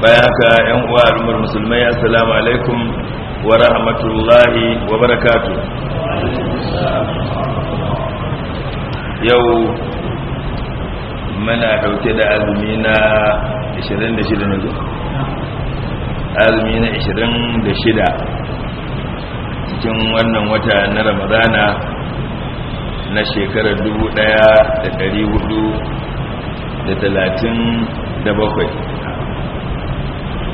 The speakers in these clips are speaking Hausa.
bayan haka yan uwa al'ummar musulmai assalamu alaikum wa rahmatullahi wa barakatu yau mana dauke da azumi na 26 ne azumi na 26 cikin wannan wata na ramadana na shekarar 1437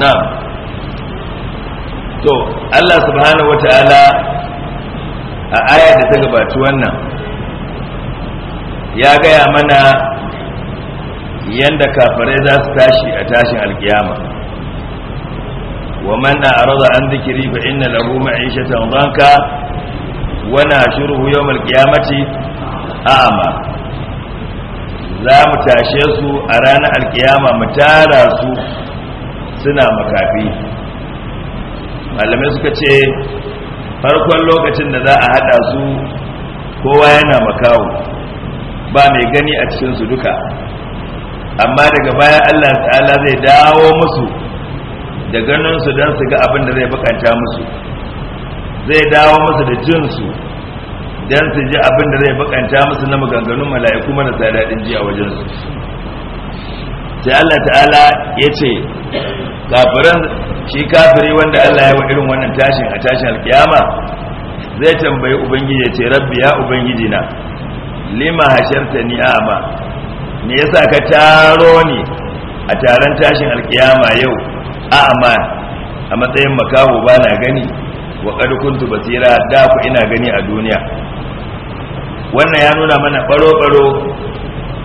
na'am to Allah subhanahu wata'ala a aya da ta gabaci wannan ya gaya mana yanda kafirai za su tashi a tashin alkiyama wa man a'rada an dhikri fa inna lahu ma'ishatan dhanka wa nahshuruhu yawm alqiyamati a'ma za mu tashe su a ranar alkiyama mu tara su suna makafi malamai suka ce farkon lokacin da za a hada su kowa yana makawo ba mai gani a cikin su duka amma daga baya allah ta'ala zai dawo musu da ganinsu don su ga abin da zai bukanta musu zai dawo musu da jinsu don su ji abin da zai bukanta musu na maganganun mala'iku marasa daɗin ji a wajensu sai Allah ta'ala ya ce kafirin shi kafiri wanda Allah ya wa irin wannan tashin a tashin alkiyama zai tambayi ubangiji ya ce rabbi ya ubangiji na lima hasharta ni ne me sa ka taro ne a taron tashin alkiyama yau a'ama a matsayin makaho ba na gani wa qad basira da ku ina gani a duniya wannan ya nuna mana baro baro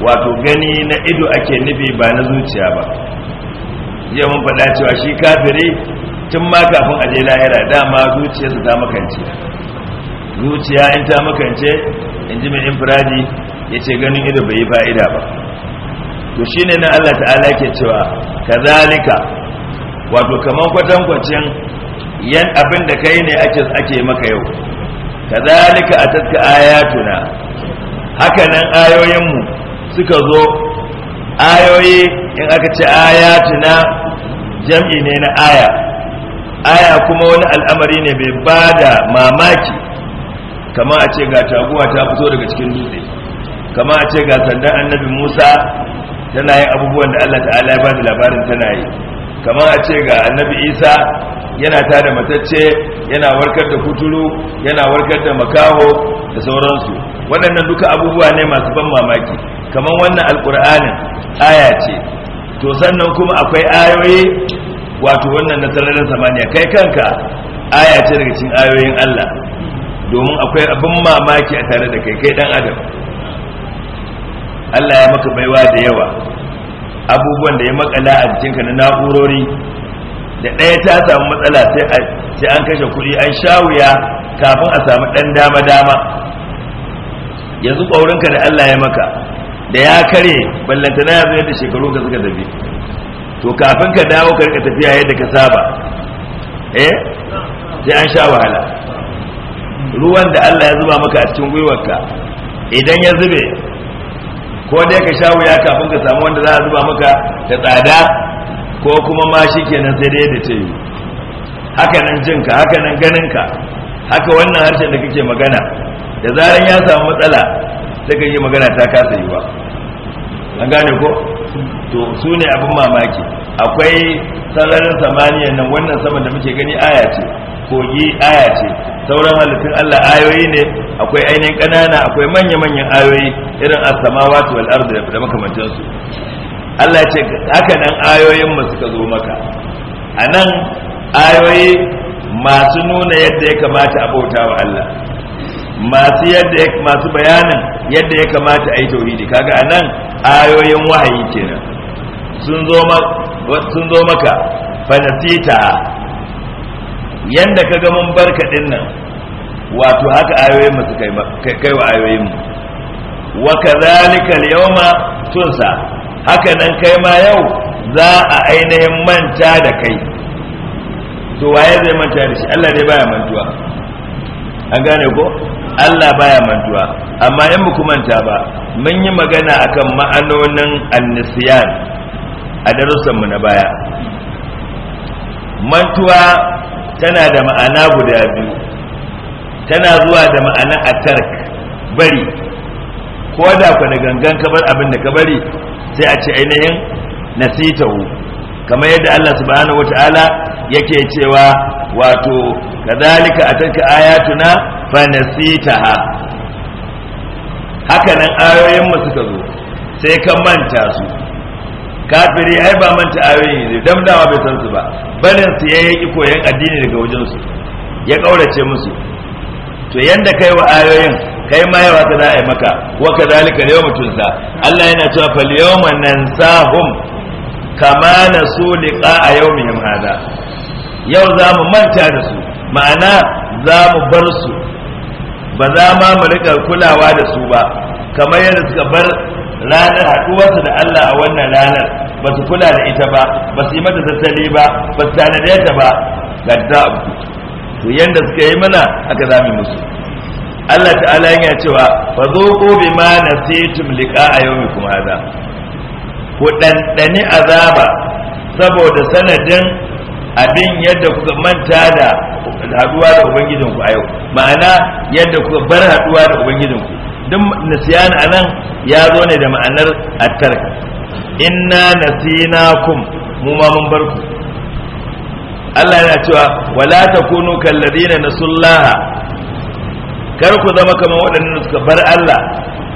wato gani na ido ake nufi ba na zuciya ba ya mun faɗa cewa shi kafiri tun ma kafin a je lahira dama su ta makance zuciya in ta makance in ji mai infiradi ya ce ganin ido bai yi fa'ida ba to shi ne na Allah ta'ala ke cewa ka zalika wato kamar kwacin yan abin da kai ne ake maka yau ka kazalika a tattaka ayatuna hakanan ayoyinmu suka zo ayoyi in aka ce ayatuna jam'i ne na aya aya kuma wani al'amari ne bai ba da mamaki kama a ce ga taguwa ta fito daga cikin dutse kama a ce ga sandan annabi musa tana yin abubuwan da allah ta'ala ya ba da labarin tana yi kamar a ce ga annabi isa yana ta da matacce yana warkar da kuturu yana warkar da makaho da sauransu waɗannan duka abubuwa ne masu ban mamaki kamar wannan alƙur'anin aya ce to sannan kuma akwai ayoyi wato wannan na sararin samaniya kai kanka aya ce daga cikin ayoyin allah domin akwai abin mamaki a tare da kai kai dan adam allah ya maka baiwa da yawa abubuwan da ya makala a jikinka na na'urori da ɗaya ta samu matsala sai an kashe kuɗi an sha wuya kafin a samu ɗan dama-dama yanzu ƙwaurinka da Allah ya maka da ya kare ballanta ya yanzu yadda shekaru ka suka tafi to kafin ka dawo ka rika tafiya yadda ka saba eh sai an sha wahala ruwan da Allah ya zuba maka a cikin gwiwarka idan ya zube ko dai ka sha wuya kafin ka samu wanda za a zuba maka da tsada ko kuma ma shi kenan sai dai da ce haka nan jinka haka nan ganinka haka wannan harshen da kake magana da zaran ya samu matsala sai ka yi magana ta kasa yi ba gane ko to su ne abin mamaki akwai sararin samaniya nan wannan saman da muke gani aya ce kogi aya ce sauran halittun Allah ayoyi ne akwai ainihin ƙanana akwai manya-manyan ayoyi irin as-samawati wal ardi da makamantansu Allah ce haka nan ayoyin mu suka zo maka a nan ayoyi masu nuna yadda ya kamata a bauta wa Allah masu yadda masu bayanin yadda ya kamata a yi tauhidi kaga a nan ayoyin wahayi kenan sun zo maka fanasita yanda ka ga mun barka din nan wato haka ayoyin mu suka kai wa ayoyin mu wa kadhalika al-yawma tunsa haka nan kai ma yau za a ainihin manta da kai to waye zai manta da shi Allah dai baya mantuwa an gane ko Allah baya mantuwa amma in muku manta ba mun yi magana akan ma'anonin annisiyan a darussanmu na baya mantuwa tana da ma'ana guda biyu tana zuwa da ma'ana a tark bari ko da ku da gangan kabar abin da ka bari sai a ce ainihin nasitahu kamar yadda Allah subhanahu wata'ala yake cewa wato kadhalika atanka ayatuna fa nasitaha haka nan ayoyin mu suka zo sai ka manta su kafiri ai ba manta ayoyin yanzu dan dawa bai san su ba barin su yayi koyan addini daga wajen su ya kaurace musu to yanda kai wa ayoyin kai ma yawa ta yi maka wa kadhalika yawm tunsa Allah yana cewa fal yawma nansahum kama nasu a yawmihim hada yau za mu manta da su ma'ana za mu bar su ba za ma mu rika kulawa da su ba kamar yadda suka bar ranar haɗuwarsa da Allah a wannan ranar ba su kula da ita ba ba su yi mata tattali ba ba su tanade ta ba gadda to yanda suka yi mana aka zame musu Allah ta'ala yana cewa fa zuqu bima nasitum liqa'a yawmikum hada ku dandani azaba saboda sanadin abin yadda kuka manta da haduwa da ubangijinku a yau ma'ana yadda kuka bar haduwa da ubangijinku duk a nan ya zo ne da ma'anar at-tark nasina kum mu ma mun bar ku Allah yana cewa wala takunu kalladina nasullaha kar ku zama kamar waɗannan suka bar Allah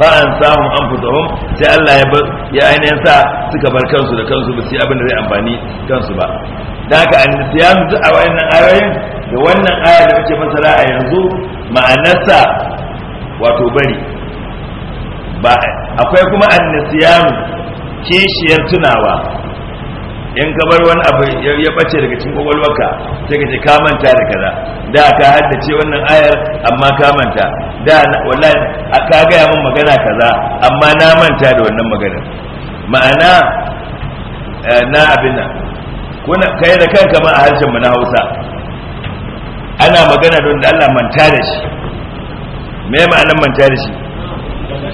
fa an samu an fitahum sai Allah ya ya ainihin sa suka bar kansu da kansu ba su abin da zai amfani kansu ba da haka an siyasu duk a wannan ayoyin da wannan aya da muke masara a yanzu ma'anarsa wato bari ba akwai kuma annasiyan kishiyar tunawa in ka bar wani abu ya bace daga cikin kwakwalwarka sai ka ce ka manta da kaza da ka haddace wannan ayar amma ka manta da wallahi ka gaya min magana kaza amma na manta da wannan magana ma'ana eh, na abin nan kuna kai da kanka ma a harshen mu na Hausa ana magana don da Allah manta da shi me ma'anar manta da shi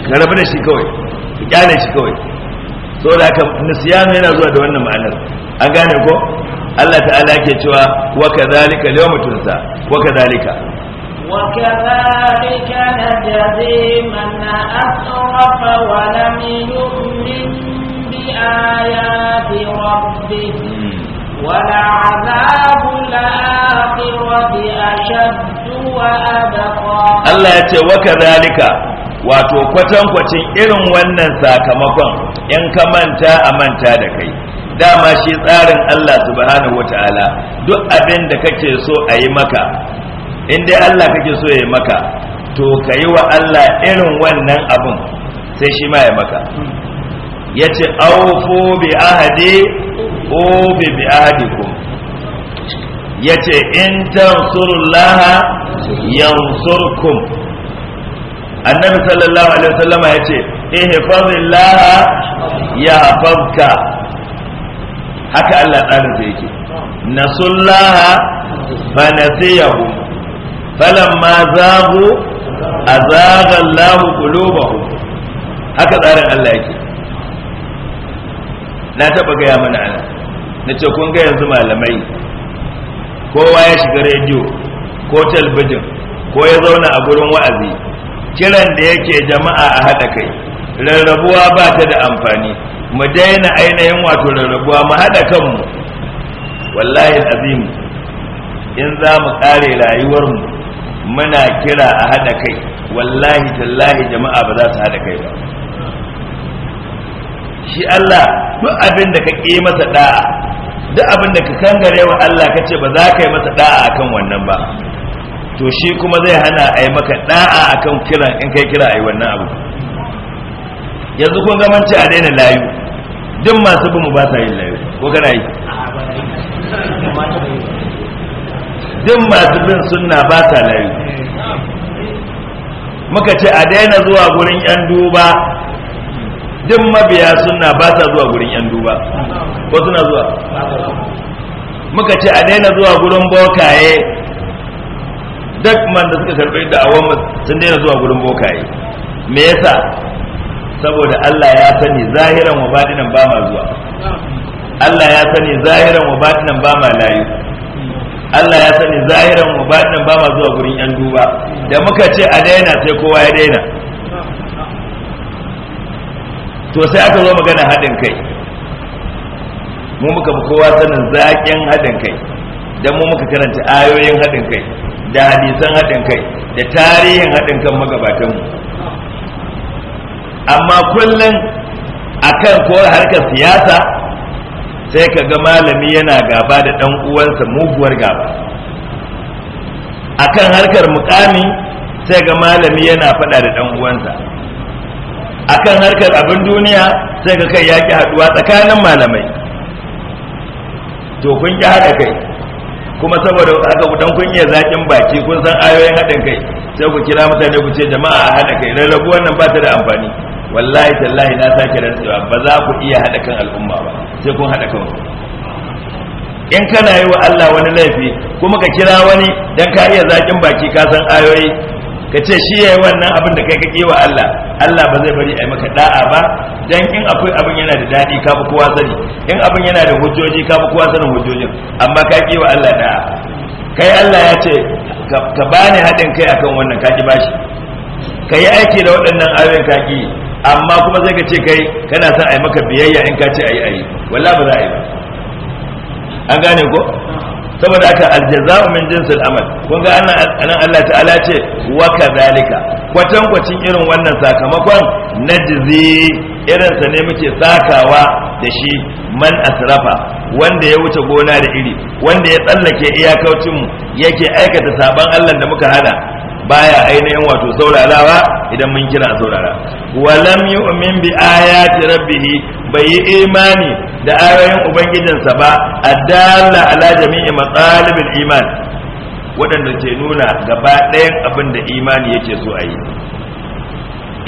ka rabu da shi kawai ka kyale shi kawai so da haka nisyanu yana zuwa da wannan ma'anar an gane ko Allah ta'ala ke cewa wa kadhalika yawma tunsa wa kadhalika وكذلك نجزي من أسرف ولم يؤمن بآيات ربه ولعذاب الآخرة أشد وأبقى الله يتوكى ذلك wato kwatankwacin irin wannan sakamakon in ka manta a manta da kai dama shi tsarin Allah subhanahu wata'ala duk abin da kake so a yi maka in dai Allah kake so ya yi maka to ka yi wa Allah irin wannan abin sai shi ma ya maka ya ce bi ahadi o bi bi ku. ya ce in tansurullaha yansurkum annabi sallallahu alaihi wasallama ya ce ihfazillah ya hafazka haka Allah tsarin da yake nasullah fa nasiyahu falamma zagu azaga Allah qulubahu haka tsarin Allah yake na taba gaya mana Allah na ce kun ga yanzu malamai kowa ya shiga rediyo ko talbijin ko ya zauna a gurin wa'azi kiran da yake jama'a a haɗa kai rarrabuwa ba ta da amfani mu daina ainihin wato rarrabuwa mu haɗa kanmu wallahi azim in za mu ƙare rayuwarmu muna kira a haɗa kai wallahi tallahi jama'a ba za su haɗa kai ba shi Allah duk abin da ka ƙi masa da'a duk abin da ka kangare wa Allah ka ce ba za ka yi masa da'a akan wannan ba to shi kuma zai hana a yi maka da'a akan kiran in kai kira a yi wannan abu yanzu kun ci a daina layu duk masu bin mu ba sa yin layu ko kana yi duk masu bin sunna ba sa layu muka ce a daina zuwa gurin yan duba duk mabiya sunna ba sa zuwa gurin yan duba ko suna zuwa muka ce a daina zuwa gurin bokaye duk man da suka karɓi da mu sun daina zuwa gurin bokaye me yasa saboda Allah ya sani zahiran wa batinan ba ma zuwa Allah ya sani zahiran wa batinan ba ma layu Allah ya sani zahiran wa batinan ba ma zuwa gurin yan duba da muka ce a daina sai kowa ya daina to sai aka zo magana haɗin kai mu muka fi kowa sanin zaƙin haɗin kai don mu muka karanta ayoyin haɗin kai da hadisan haɗin kai da tarihin haɗin kan magabatanmu amma kullum akan kowar harkar siyasa sai ka ga malami yana gaba da ɗan uwansa muguwar gaba akan harkar mukami sai ga malami yana faɗa da ɗan uwansa akan harkar abin duniya sai ga kai yaƙi haɗuwa tsakanin malamai to kun ƙi haɗa kai kuma saboda haka ku dan kunya zakin baki kun san ayoyin haɗin kai sai ku kira mutane ku ce jama'a a haɗa kai rarrabu wannan ba ta da amfani wallahi tallahi na sake rantsuwa ba za ku iya hada kan al'umma ba sai kun hada kan in kana yi wa Allah wani laifi kuma ka kira wani dan ka iya zakin baki ka san ayoyi ka ce shi yayi wannan abin da kai ka wa Allah Allah ba zai bari a maka da'a ba dan in akwai abin yana da dadi ka fi kowa sani in abin yana da hujjoji ka fi kowa sanin hujjojin amma ka wa Allah da'a kai Allah ya ce ka bani haɗin kai akan wannan ka ki bashi ka yi aiki da waɗannan ayoyin ka ki amma kuma sai ka ce kai kana son a yi maka biyayya in ka ce a yi a yi ba za a yi ba an gane ko saboda aka aljaza'u min jinsil amal kun ga anan Allah ta'ala ce wa kadhalika kwatan kwacin irin wannan sakamakon najzi irin sa ne muke sakawa da shi man asrafa wanda ya wuce gona da iri wanda ya tsallake iyakaucin mu yake aikata saban Allah da muka haɗa. baya ainihin wato saurarawa idan mun kira saurara walam yu'min bi ayati rabbih bai yi imani da ayoyin ubangijinsa ba adalla ala jami'i matsalibin iman waɗanda ke nuna gaba ɗayan abin da imani yake so a yi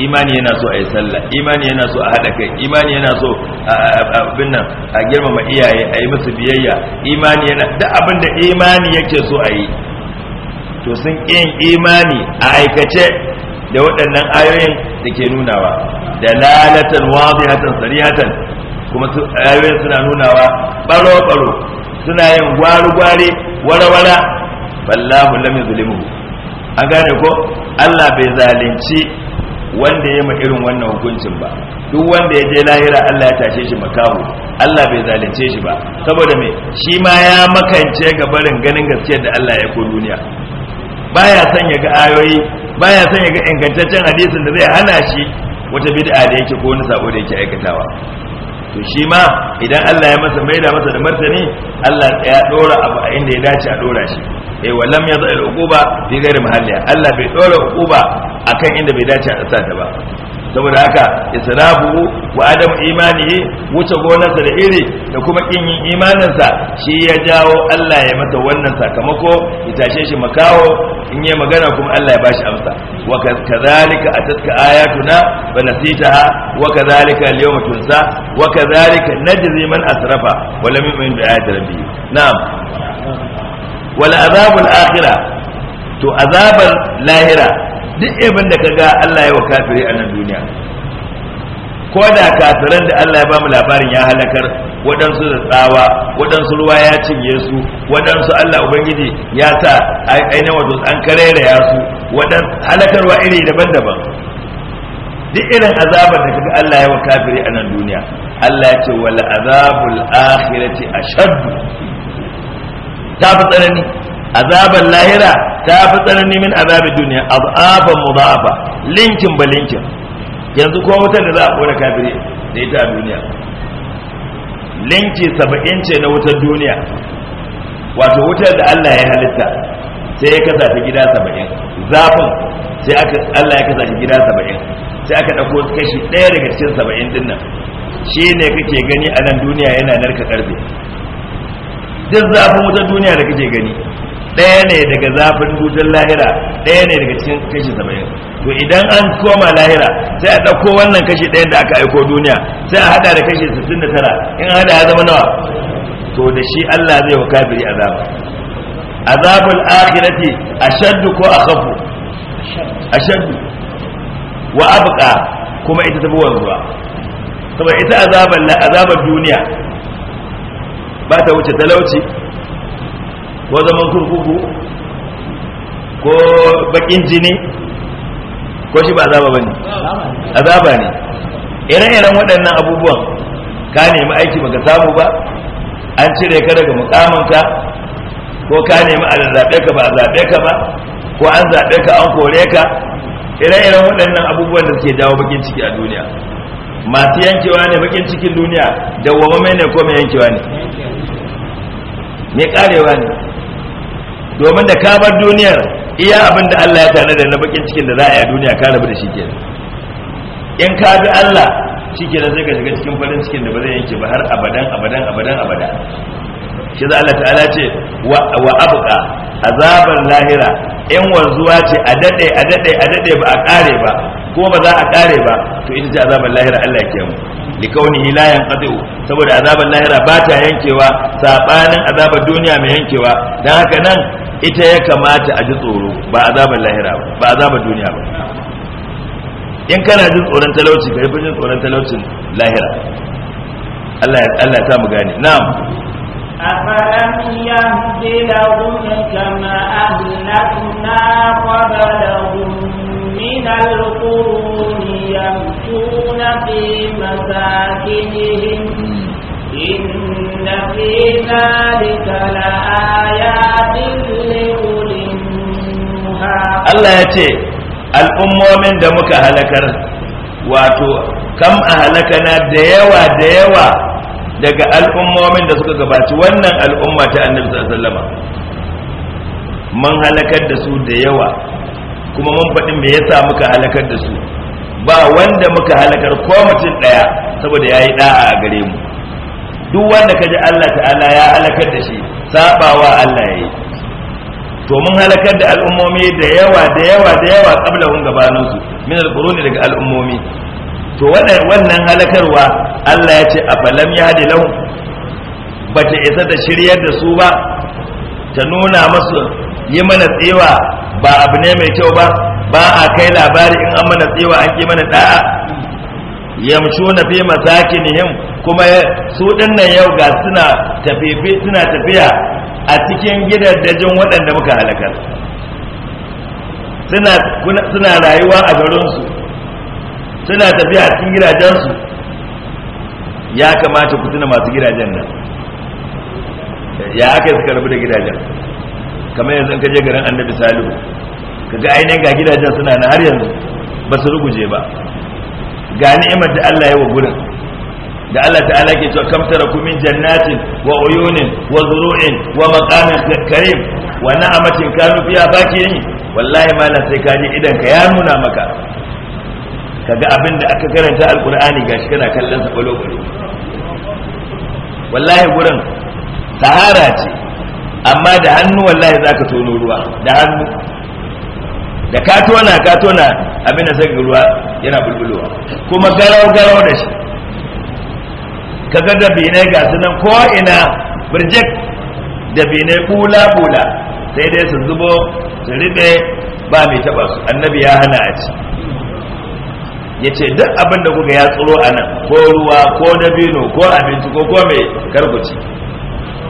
imani yana so a yi sallah imani yana so a haɗa kai imani yana so abin nan a girmama iyaye a yi musu biyayya imani yana da abin da imani yake so a yi to sun ƙin imani a aikace da waɗannan ayoyin da ke nunawa da lalatan wazihatan sarihatan kuma ayoyin suna nunawa ɓaro-ɓaro suna yin gwari-gwari wara-wara ballahu lam yuzlimu an gane ko Allah bai zalunci wanda ya ma irin wannan hukuncin ba duk wanda ya je lahira Allah ya tashe shi makaho Allah bai zalunce shi ba saboda me shi ma ya makance ga barin ganin gaskiyar da Allah ya ko duniya baya son ya ga ayoyi baya son ya ga ingantaccen hadisin da zai hana shi wata bid'a da yake ko wani sabo da yake aikatawa to shi ma idan Allah ya masa maida masa da martani Allah ya dora abu a inda ya dace a dora shi eh wallam ya zai uquba fi ghairi mahalliya Allah bai dora uquba akan inda bai dace a sa ta ba saboda haka israfu wa adam imanihi wuce gonarsa da iri da kuma kin yin imaninsa shi ya jawo Allah ya mata wannan sakamako ya tashe shi makawo in yi magana kuma Allah ya bashi amsa wa kadhalika atatka ayatuna fa a wa kadhalika al-yawma tunsa wa kadhalika najzi man asrafa wa lam yu'min bi ayati na'am wal azabul akhirah to azabar lahira duk abin da kaga Allah ya wa kafiri a nan duniya ko da kafiran da Allah ya ba mu labarin ya halakar waɗansu da tsawa waɗansu ruwa ya cinye su waɗansu Allah ubangiji ya sa ainihin wato an ya su waɗansu halakarwa iri daban-daban duk irin azabar da kaga Allah ya wa kafiri a nan duniya Allah ya ce wal azabul akhirati ashad ta fi tsanani azaban lahira ta fi tsanani min azabin duniya azabin mudafa linkin ba linkin yanzu kuma wutar da za a kora kafiri da ita a duniya linki saba'in ce na wutar duniya wato wutar da Allah ya halitta sai ya kasa ta gida saba'in zafin sai Allah ya kasa ta gida saba'in sai aka ɗauko kashi ɗaya daga cikin saba'in dinnan shi ne kake gani a nan duniya yana narka karfe. duk zafin wutar duniya da kake gani ɗaya ne daga zafin dutsen lahira ɗaya ne daga cikin kashi saba'in to idan an koma lahira sai a ɗauko wannan kashi ɗayan da aka aiko duniya sai a haɗa da kashi 69 in haɗa ya zama nawa to da shi Allah zai wa kafiri azaba azabul akhirati ashaddu ko akhafu ashaddu wa abqa kuma ita tafi wanzuwa saboda ita azabar azabar duniya ba ta wuce talauci ko zaman kurkuku ko bakin jini ko shi ba azaba bane azaba ne ire-iren waɗannan abubuwan ka nemi aiki baka samu ba an cire ka daga mukamanka ko ka nemi a zaɓe ka ba a zaɓe ka ba ko an zaɓe ka an kore ka ire-iren waɗannan abubuwan da suke jawo bakin ciki a duniya masu yankewa ne bakin cikin duniya mai ne ko mai yankewa ne mai karewa ne domin da ka bar duniyar iya abin da Allah ya tana da na bakin cikin da za a yi a duniya ka rabu da shi ke in ka bi Allah shi ke zai ka shiga cikin farin cikin da ba zai yanke ba har abadan abadan abadan abada shi za Allah ta'ala ce wa abuka azabar lahira in wanzuwa ce a daɗe a daɗe a daɗe ba a ƙare ba ko ba za a ƙare ba to ita ce azabar lahira Allah ke mu likaunihi la yanqati'u saboda azabar lahira ba ta yankewa sabanin azabar duniya mai yankewa dan haka nan ita ya kamata a ji tsoro ba azabar lahira ba ba azabar duniya ba in kana jin tsoron talauci ka yi jin tsoron talaucin lahira Allah ya mu gane na'am أفلم يهد لهم كما أهلكنا قبلهم من القرون يمشون في مساكنهم إن في ذلك Allah ya ce al'ummomin da muka halakar wato kam a halakana da yawa da yawa daga al'ummomin da suka gabaci wannan al'umma ta annabi sallama mun halakar da su da yawa kuma mun faɗi me yasa muka halakar da su ba wanda muka halakar ko mutum ɗaya saboda ya yi ɗa'a a gare mu duk wanda ka ji Allah ta'ala ya halakar da shi saɓawa Allah ya yi to mun halakar da al'ummomi da yawa da yawa da yawa kabla hun gabanin su min alquruni daga al'ummomi to wannan halakarwa Allah ya ce afalam yahdi ba bata isa da shiryar da su ba ta nuna masu yi mana tsewa ba abu ne mai kyau ba ba a kai labari in an mana tsewa an ki mana da'a na fi masakinihim kuma su dinnan yau ga suna suna tafiya a cikin gidajen waɗanda muka halakar suna rayuwa a garinsu suna tafiya a cikin gidajensu ya kamata ku tuna masu gidajen nan ya aka suka rabu da gidajen kamar yanzu ka je garin annabi salihu kaga ainihin ga gidajen suna na har yanzu ba su ruguje ba ga ni'imar da Allah ya wa gurin da Allah ta'ala ke cewa kam taraku min jannatin wa uyunin wa zuru'in wa maqamin karim wa na'amatin kanu baki bakiyin wallahi ma sai ka ji idan ka ya nuna maka kaga abin da aka karanta alqur'ani gashi kana kallon sa kwalo wallahi gurin sahara ce amma da hannu wallahi zaka tono ruwa da hannu da ka tona ka tona abin da sai ruwa yana bulbulowa kuma garau garau da shi kaga da binai ga su nan ko ina birjik da binai bula bula sai dai su zubo su riɓe ba mai taba su annabi ya hana a ci ya ce duk abin da kuka ya tsoro a nan ko ruwa ko dabino ko abinci ko ko mai karkuci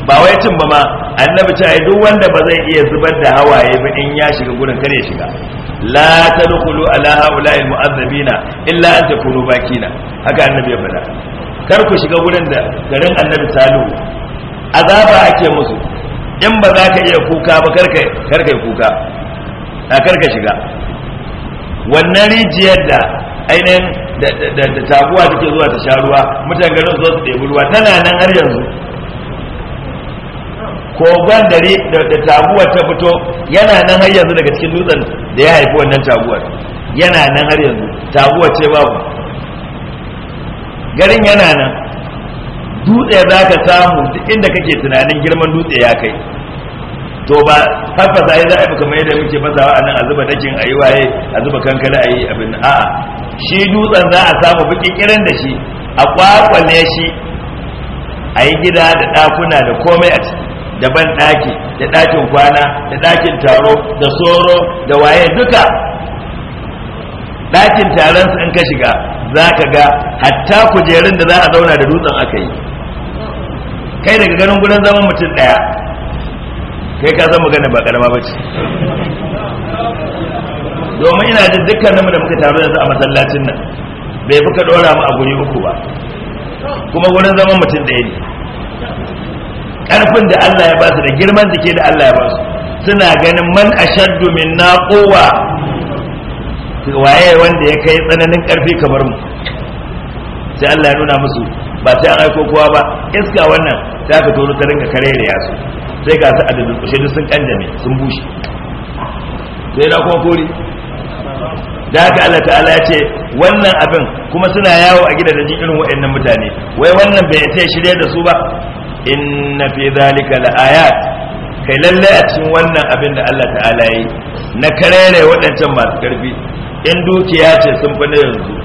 ba wai cin ba ma annabi ta duk wanda ba zai iya zubar da hawaye ba in ya shiga gurin kare shiga la tadkhulu ala ha'ula'il mu'azzabina illa an takunu bakina haka annabi ya faɗa kar ku shiga wurin da garin annabi salihu azaba ake musu in ba za ka iya kuka ba kar kai kuka a kar ka shiga wannan rijiyar da ainihin da taguwa take zuwa ta sha ruwa garin zo su ɗebi ruwa tana nan har yanzu kogon da taguwa ta fito yana nan har yanzu daga cikin dutsen da ya haifi wannan taguwar yana nan har yanzu taguwar ce babu garin yana nan dutse za ka samu duk inda kake tunanin girman dutse ya kai to ba tabbata ai za a kamar yadda muke fasawa nan, a zuba dakin yi waye a zuba kankare yi abin a'a shi dutsen za a samu kirin da shi a kwakwale shi a yi gida da ɗakuna da komai a ciki da ban ɗaki da ɗakin kwana da ɗakin taro da soro da waye duka dakin taron su in ka shiga za ka ga hatta kujerun da za a zauna da dutsen aka yi kai daga ganin gudan zaman mutum ɗaya kai ka san magana ba karama ba ce domin ina jin dukkaninmu da muka taru yanzu a masallacin nan bai fi ka ɗora mu a guri uku ba kuma wurin zaman mutum ɗaya ne ƙarfin da Allah ya ba su da girman jiki da Allah ya ba su suna ganin man ashaddu minna quwwa waye wanda ya kai tsananin karfi kamar mu sai Allah ya nuna musu ba sai an aiko kowa ba iska wannan ta fito ta ringa kare da yasu sai ga su kushe da duk sun kanjame sun bushe sai na kuma kori? da haka Allah ta'ala ya ce wannan abin kuma suna yawo a gidan jin irin waɗannan mutane wai wannan bai ce shirye da su ba inna fi zalika la'ayat kai lalle a cikin wannan abin da Allah ta'ala yi na karere waɗancan masu karfi yan dukiya ce sun fi na yanzu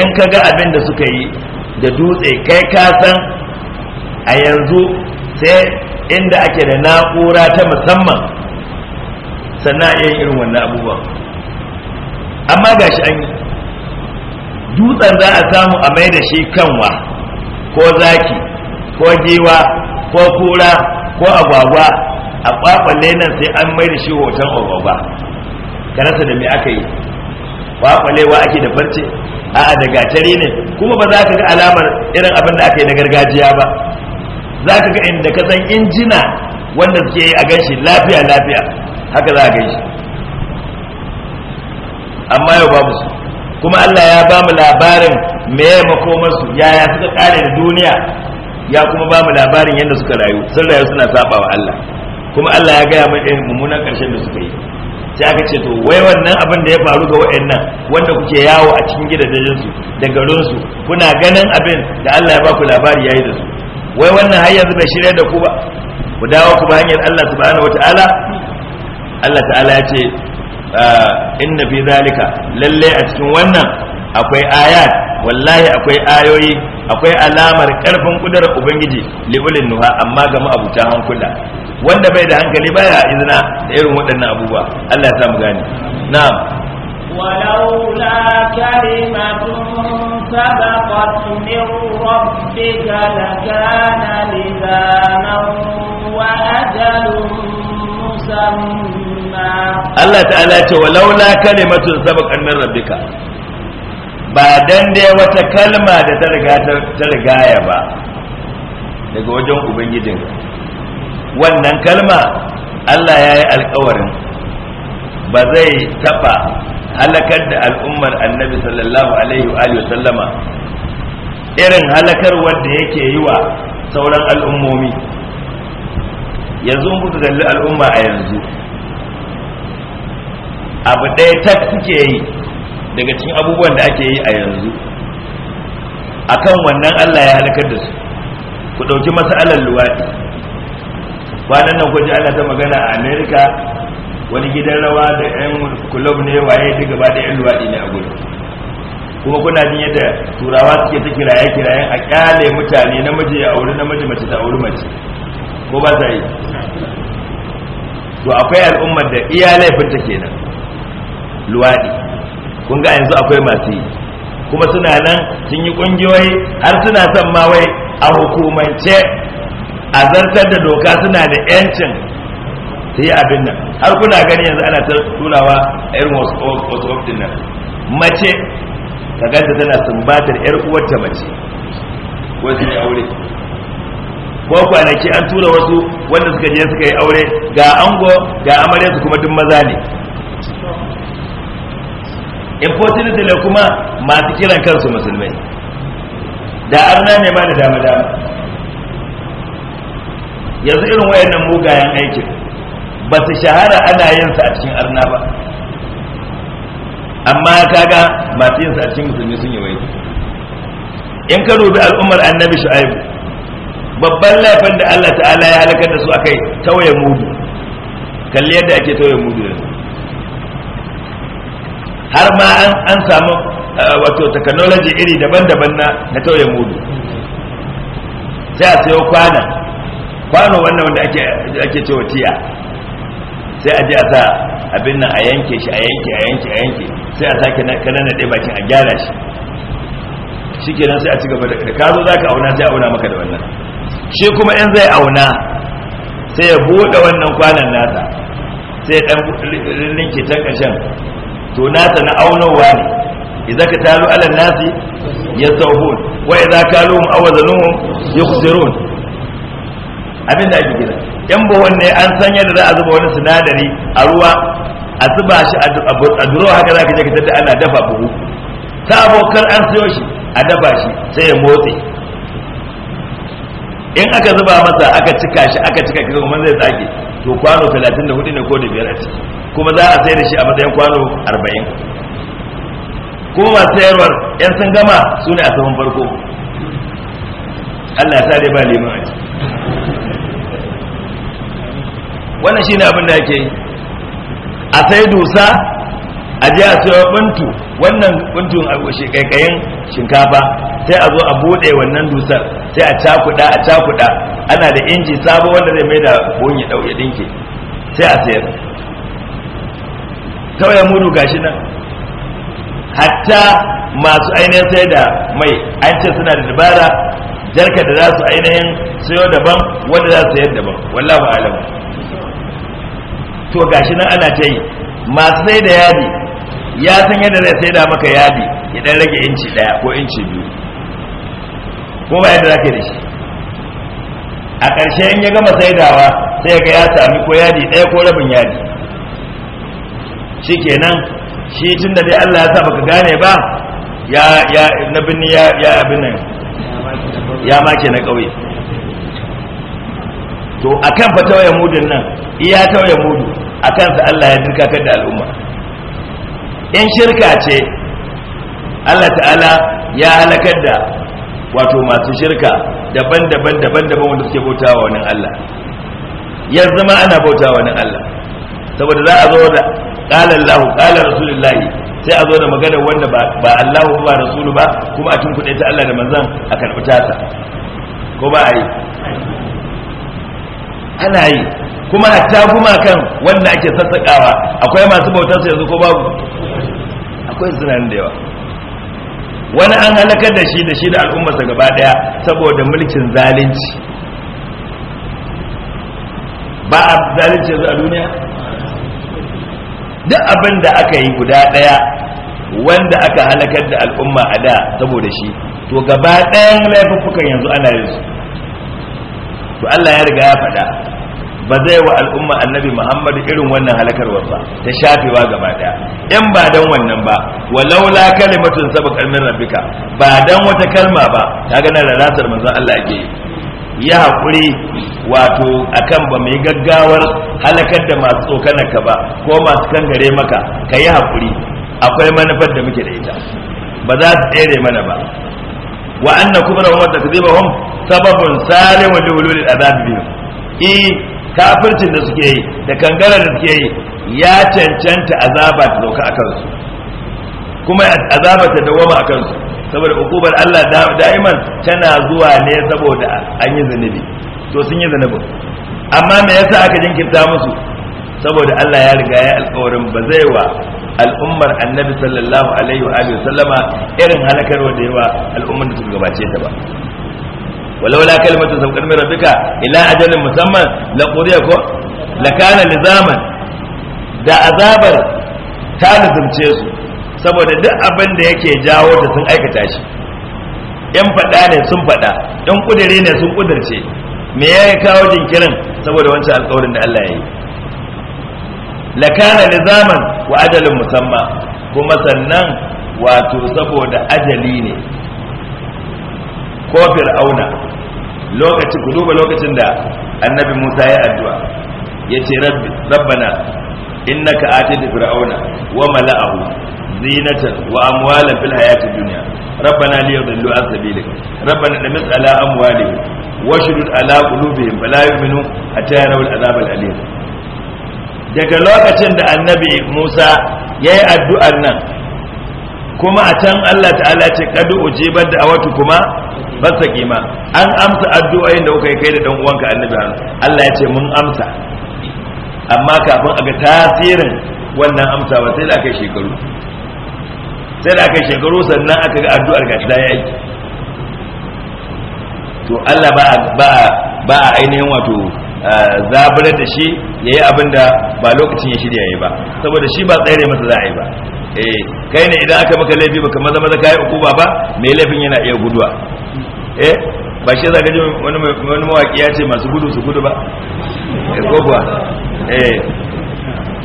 in ka ga abin da suka yi da dutse kai ka san a yanzu sai inda ake da na'ura ta musamman sannan a yin irin wannan abubuwa. amma ga shi an yi dutsen za a samu a mai da shi kanwa ko zaki ko giwa ko kura ko agwagwa a kwakwalle nan sai an mai da shi hoton agwagwa ka rasa da me aka yi kwakwalewa ake da farce a'a da gatari ne kuma ba za ka ga alamar irin abin da aka yi na gargajiya ba za ka ga inda ka san injina wanda suke yi a ganshi lafiya lafiya haka za a ganshi amma yau babu su kuma Allah ya ba mu labarin me ya makomarsu yaya suka kare da duniya ya kuma ba mu labarin yadda suka rayu sun rayu suna saba Allah kuma Allah ya gaya mai mummunan ƙarshen da suka yi sai aka ce to wai wannan abin da ya faru ga nan wanda kuke yawo a cikin gidajen su da garinsu kuna ganin abin da Allah ya ba ku labari yayi da su wai wannan har yanzu bai shirya da ku ba ku dawo ku ba hanyar Allah subhanahu wataala Allah ta'ala ya ce ah, inna fi zalika lalle a cikin wannan akwai ayat wallahi akwai ayoyi akwai alamar karfin kudar ubangiji libulin nuha amma ga ma'abuta hankula wanda bai da hankali baya izina da irin waɗannan abubuwa Allah ya samu gani na'am walaula kalimatun sabaqat min rabbika lakana lizaman wa ajalun musamma Allah ta'ala ya ce walaula kalimatun sabaqat min rabbika ba dan dai wata kalma da ta riga ta rigaya ba daga wajen ubangijin wannan kalma Allah ya yi alkawarin ba zai taba halakar da al'ummar annabi sallallahu alaihi wa sallama irin halakar wanda yake yi wa sauran al'ummomi yanzu kuka kalli al'umma a yanzu abu ɗaya ta suke yi daga cikin abubuwan da ake yi a yanzu a kan wannan Allah ya halakar da su ku ɗauki masalar luwaɗi kwanan nan kwanci ana ta magana a amerika wani gidan rawa da 'yan kulob ne waye ta gaba da 'yan luwaɗi ne a gudu kuma kuna jin yadda turawa suke ta kiraye kirayen a kyale mutane namiji ya auri namiji mace ta auri mace ko ba ta yi to akwai al'ummar da iya laifin ta kenan luwaɗi kun ga yanzu akwai masu yi kuma suna nan sun yi kungiyoyi har suna son ma wai a hukumance a zartar da doka suna da yancin su yi abin nan har kuna gani yanzu ana tunawa a irin wasu ofin nan mace ka ganta tana sumbatar yar uwarta mace aure ko kwanaki an tura wasu wanda suka je suka yi aure ga ango ga amarya su kuma duk maza ne infertility ne kuma masu kiran kansu musulmai da arna ne ma da dama dama yanzu irin wayannan mugayen aikin ba su shahara ana yin sa a cikin arna ba amma kaga masu yin sa a cikin musulmi sun yi wai in ka dubi al'ummar annabi shu'aibu babban laifin da Allah ta'ala ya halakar da su akai tawayen mudu kalli yadda ake tawayen mudu yanzu har ma an samu uh, wato technology iri daban-daban na na tauye mudu sai a sayo kwana kwano wannan wanda ake cewa tiya sai a ji a sa abin nan a yanke shi a yanke a yanke a yanke sai a sake kanana ɗaya bakin a gyara shi shi kenan sai a ci gaba da ka zo za ka auna sai auna maka da wannan shi kuma in zai auna sai ya buɗe wannan kwanan nasa sai ɗan linke can to nasa na aunawa ne idza ka talu ala nasi yastawhun wa idza kalu aw awazanuhum yukhsirun abin da ake gida yan ba wanne an san yadda za a zuba wani sinadari a ruwa a zuba shi a duro haka za ka je ka tada ana dafa buhu ta abokan an siyo shi a dafa shi sai ya motsi in aka zuba masa aka cika shi aka cika kaga kuma zai tsage to kwano 34 ne ko da biyar a ciki kuma za a sayar da shi a matsayin kwano arba'in kuma masu sayarwar yan sun gama su ne a saman farko allah ta ba neman a wannan shi ne abin da ake yi a sai dusa a je a sayo bintu wannan bintun a kaikayin shinkafa sai a zo a bude wannan dusar sai a cakuda a cakuda ana da inji sabo wanda zai mai da bonyi dau ya dinke sai a sayar tawaye mudu gashi nan hatta masu ainihin sai da mai an ce suna da dabara jarka da za su ainihin sayo daban wanda za su sayar daban wallahu alam to gashi nan ana ta yi masu sai da yadi ya san yadda zai sai da maka yadi ya dan rage inci daya ko inci biyu ko ba yadda zaka da shi a ƙarshe in ya gama saidawa sai ga ya sami ko yadi ɗaya ko rabin yadi shikenan shi tun da dai Allah ya sa baka gane ba ya ya na binni ya ya abin nan ya make na kauye to akan fa tawaye mudun nan iya tawaye mudu akan sa Allah ya dirkatar da al'umma in shirka ce Allah ta'ala ya halakar da wato masu shirka daban-daban daban-daban wanda suke bautawa wani Allah yanzu ma ana bautawa wani Allah saboda za a zo da qala Allah qala rasulullah sai a zo da maganar wanda ba Allah ba rasulu ba kuma a tunkuɗe ta Allah da manzan a karɓi tasa ko ba a yi ana yi kuma hatta kan wanda ake sassaƙawa akwai masu bautar su yanzu ko babu akwai sunan da yawa wani an halakar da shi da shi da al'ummarsa gaba daya saboda mulkin zalunci ba a zalunci yanzu a duniya duk abin da aka yi guda ɗaya wanda aka halakar da al'umma a da saboda shi to gaba ɗayan laifukan yanzu ana yin su to Allah ya riga ya faɗa ba zai wa al'umma annabi Muhammad irin wannan halakarwar ba ta shafewa gaba ɗaya in ba dan wannan ba walaula kalimatun sabaqal min rabbika ba dan wata kalma ba kaga na lalasar manzon Allah yake ya hakuri wato akan ba mai gaggawar halakar da masu tsokanarka ba ko masu kangare maka ka yi haƙuri akwai manufar da muke da ita ba za su tsere mana ba wa zai ba wa sababin sababun salimun li a adab biyu i kafircin da suke yi da kangara da suke yi ya cancanta azaba ta zauka akan su kuma azaba ta dawama akan su saboda hukubar Allah da'iman tana zuwa ne saboda an yi zunubi to sun yi zunubi amma me yasa aka jinkirta musu saboda Allah ya riga ya alƙawarin ba zai wa al'ummar annabi sallallahu alaihi wa alihi sallama irin halakar da yawa al'ummar da suka gabace ta ba walaula kalmatu sabqan min rabbika ila ajalin musamman la qudiya ko la kana lizaman da azabar ta lazumce su saboda duk abin da yake jawo ta sun aikata shi yan faɗa ne sun faɗa yan ƙudiri ne sun ƙudurce me ya yi kawo jinkirin saboda wancan alƙawarin da Allah ya yi lakana nizaman wa ajalin musamma kuma sannan wato saboda ajali ne ko fir'auna lokaci ku duba lokacin da annabi Musa ya addu'a yace rabbi rabbana innaka atita fir'auna wa mala'ahu zinatan wa amwalan fil hayati dunya rabbana liyadhillu an sabilika rabbana damis ala amwalihim washdud ala qulubihim fala yu'minu hatta yarawul adhab al alim daga lokacin da annabi Musa yayi addu'ar nan kuma a can Allah ta'ala ce kadu ujibar da awatu kuma basta kima an amsa addu'o'in da kuka yi kai da dan uwanka annabi Allah ya ce mun amsa amma kafin a ga tasirin wannan amsawa sai da aka yi shekaru sai da aka yi shekaru sannan aka ga addu'ar gashi da ya yi to Allah ba a ainihin wato zabar da shi ya yi abin ba lokacin ya shirya ya ba saboda shi ba tsere masa za yi ba eh kai ne idan aka maka laifi baka maza maza kai ukuba ba me laifin yana iya guduwa eh ba shi za wani mawaki ya ce masu gudu su gudu ba eh, ko gogwa eh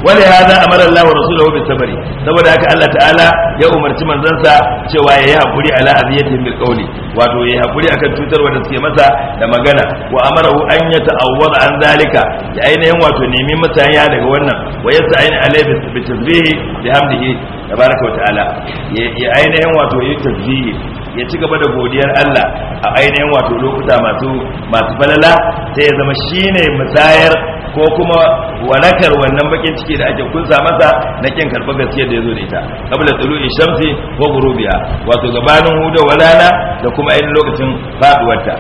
wale ya za a Allah wa Rasulahu sabari saboda haka Allah ta'ala ya umarci sa cewa ya yi haƙuri ala aziyatihim bil qawli wato ya yi haƙuri akan cutar wanda suke masa da magana wa hu an ya ta'awwada an zalika ya ainihin wato nemi masaya daga wannan wa ainihin alayhi bi tasbihi da hamdihi tabaraka wa ya ainihin wato yi tasbihi ya ci gaba da godiyar Allah a ainihin wato lokuta masu masu falala sai ya zama shine musayar ko kuma warakar wannan bakin ciki da ake kunsa masa na kin karɓar gaskiyar da ya zo da ita kabla tulu'i shamsi wa ghurubiha wato gabanin hudu wa da kuma ainihin lokacin faduwarta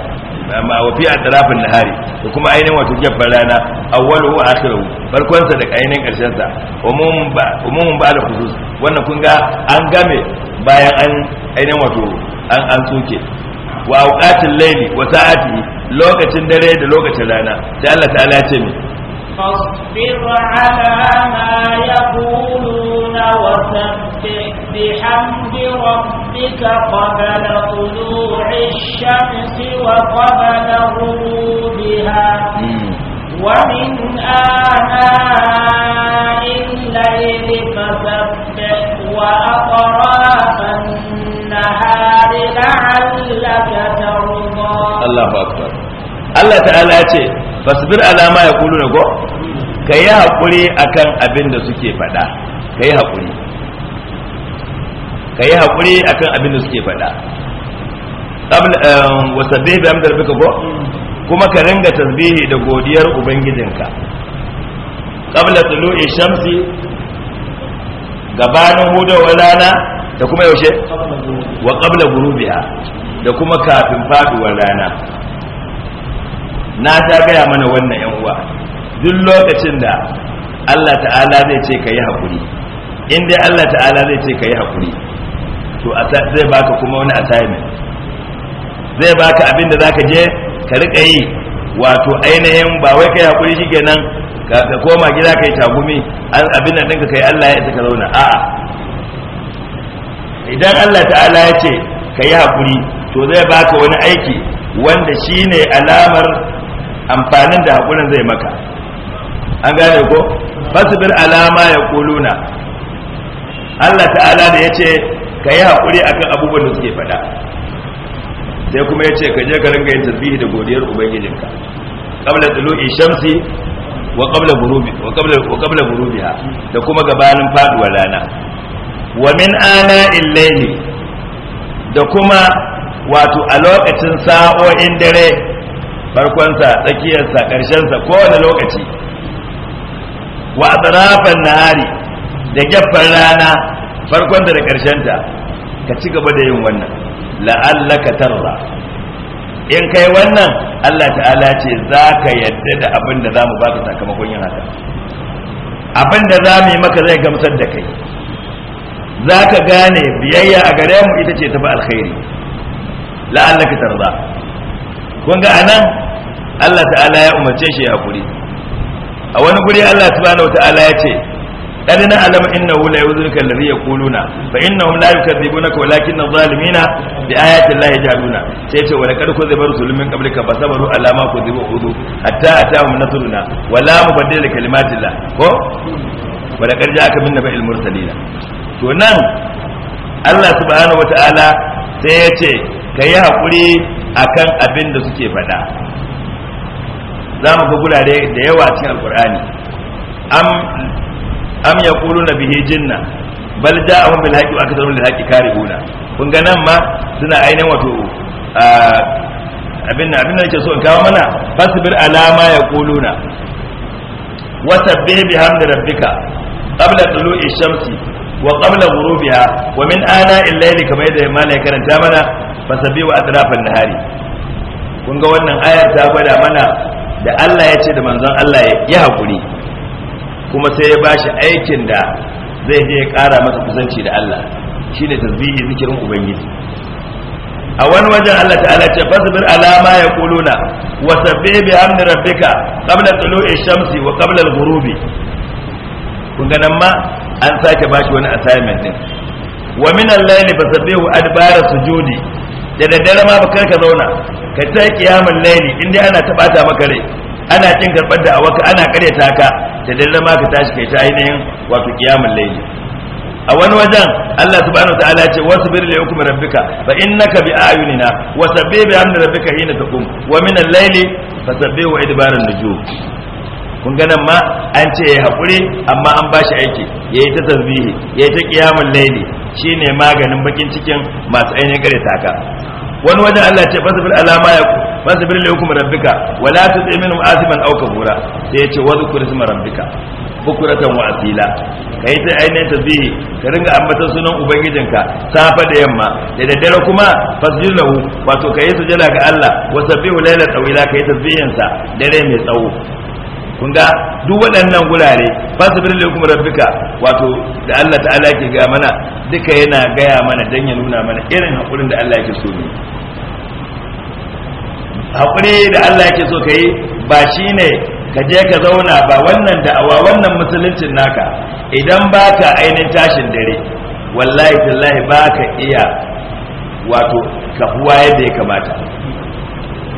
amma wa fi atrafin nahari da kuma ainihin wato gefen rana awwaluhu akhiruhu akhiru sa da ainihin karshen sa umum ba umum ba al-khusus wannan kun ga an game bayan an ainihin wato an an soke wa auqatil layli wa sa'ati lokacin dare da lokacin rana sai Allah ta'ala ya ce mi fasbir ala ma yaquluna wa sabbih bihamdi rabbika qabla tulu'i ash-shamsi wa qabla ghurubiha hmm. wa min ana الليل فسبح وأطراف النهار لعلك ترضى الله أكبر Allah ta'ala ya ce fasbir alama ya kulu ko ka yi haƙuri akan abin da suke faɗa ka yi haƙuri ka yi haƙuri akan abin da suke faɗa wasabbe bi amdar bika ko kuma ka ringa tasbihi da godiyar ubangijinka qabla tulu'i shamsi gabanin wa rana da kuma yaushe wa qabla ghurubiha da kuma kafin faduwar rana na ta gaya mana wannan yan uwa duk lokacin da Allah ta'ala zai ce ka yi haƙuri in dai Allah ta'ala zai ce ka yi haƙuri to zai baka kuma wani assignment zai baka abin da zaka je ka riƙa yi wato ainihin ba wai ka yi haƙuri shikenan ka koma gida kai tagumi abin nan ɗinka kai Allah ya isa ka zauna a'a idan Allah ta'ala ya ce ka yi haƙuri to zai baka wani aiki wanda shine alamar amfanin da haƙurin zai maka an gane ko fasbir alama ya kuluna Allah ta'ala da ya ce ka yi haƙuri akan abubuwan da suke faɗa sai kuma ya ce ka je ka ringa yin tasbihi da godiyar ubangijinka qabla tulu'i shamsi wa qabla ghurubi da kuma gabanin faduwar rana wa min ana al da kuma wato a lokacin sa'o'in dare farkonsa tsakiyarsa ƙarshensa kowane lokaci wa atrafan nahari da gaffar rana farkon da ƙarshenta ka ci gaba da yin wannan la'allaka tarra in kai wannan Allah ta'ala ce za ka yadda da abin da za mu baka sakamakon yin haka abin da za mu yi maka zai gamsar da kai za ka gane biyayya a gare mu ita ce tafi alkhairi la'allaka tarza. kun ga anan Allah ta'ala ya umarce shi ya guri a wani guri Allah subhanahu wa ta'ala ya ce قد نعلم انه لا يؤذيك الذي يقولون فانهم لا يكذبونك ولكن الظالمين بايات الله يجهلون سيتي ولقد كذب رسل من قبلك فصبروا على ما كذبوا اذوا حتى اتاهم نصرنا ولا مبدل لكلمات الله هو ولقد جاءك من نبأ المرسلين to الله سبحانه وتعالى wataala كي ya ce أبن دسكي فدا a فقولها ديوات da suke faɗa am yaquluna bihi jinna bal ja'ahum bil haqqi wa da lil kare karihuna kun ga nan ma suna ainihin wato abin abin da yake so in kawo mana fasbir alama ya kuluna wa sabbih bihamdi rabbika qabla tulu'i shamsi wa qabla ghurubiha wa min ana al kamar kama yadda mala ya karanta mana fasabbih wa atrafan nahari kun ga wannan ayar ta gwada mana da Allah ya ce da manzon Allah ya hakuri kuma sai ya bashi aikin da zai je ya ƙara masa kusanci da Allah shine tasbihi zikirin ubangiji a wani wajen Allah ta'ala ce fasbir ala ma yaquluna wa sabbih bihamdi rabbika qabla tulu'i shamsi wa qabla al-ghurubi kun ga nan ma an sake bashi wani assignment din wa min al-layli fasabbihu adbara sujudi da daddare ma baka ka zauna ka ta kiyamul layli inda ana tabata maka rai ana cin karɓar da awaka ana ta ka da dalla ma ka tashi kai ta ainihin wato kiyamul layli a wani wajen Allah subhanahu wataala ce wasbir li hukmi rabbika fa innaka bi ayunina wa sabbih bi amri rabbika hina taqum wa min al-layli fasabbih wa idbar an-nujum kun ga nan ma an ce yayi hakuri amma an ba shi aiki yayi ta tasbihi yayi ta kiyamul layli shine maganin bakin cikin masu ainihin gare taka wani wajen Allah ce fasbir alama ya fasbir li hukm rabbika wa tuti minhum asiman aw kafura sai yace wa zkur isma rabbika bukuratan wa asila kai ta ainihin tasbihi ka ringa ambata sunan ubangijinka safa da yamma da daddare kuma fasjud lahu wato kai sujada ga Allah wa sabbihu laylan tawila kai tasbihin sa dare mai tsawo kun duk waɗannan gurare fasbir kuma rabbika wato da Allah ta'ala ke ga mana duka yana gaya mana dan ya nuna mana irin hakurin da Allah yake so ne hakuri da Allah yake so kai ba shine ka je ka zauna ba wannan da'awa wannan musuluncin naka idan ba ka ainin tashin dare wallahi tallahi ka iya wato kafuwa yadda ya kamata